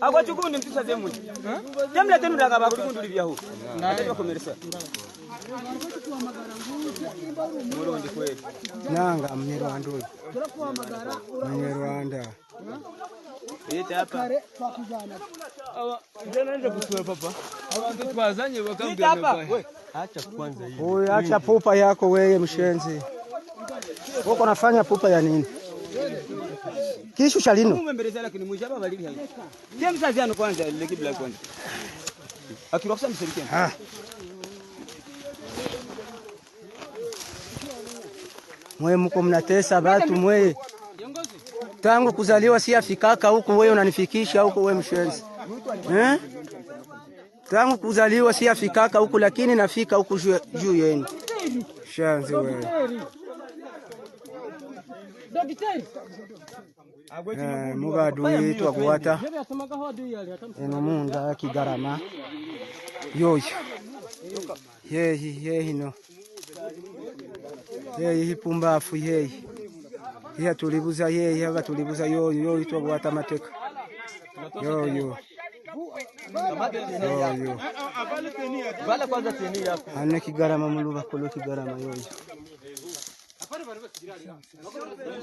akwachikundi mtisa demu. temle tenu dakaba kuchikundi livyahu atavivakomeresa murundi kweli nanga munyarwanda Awa munyarwanda nje kusuwe papa Awa abantu twazanye bakambwira acha kwanza hiyo acha pupa yako wewe mshenzi uko nafanya pupa ya nini Kishusha lino mwe mko mnatesa batu mwe, tangu kuzaliwa si afikaka huku, wewe unanifikisha huku, we mshenzi eh? Tangu kuzaliwa si afikaka huku, lakini nafika huku juu yenu, shanzi wewe muba aduyi twaguwata eno munda kigarama yoyo yehi no yeyi hipumbafu tulibuza yehi yeyi tulibuza yoyo yoyo twaguwata mateka yoyo yoyo ane kigarama muluba kolo kigarama yoyo ಬರು ಬರು ಬಿರಾಡಿ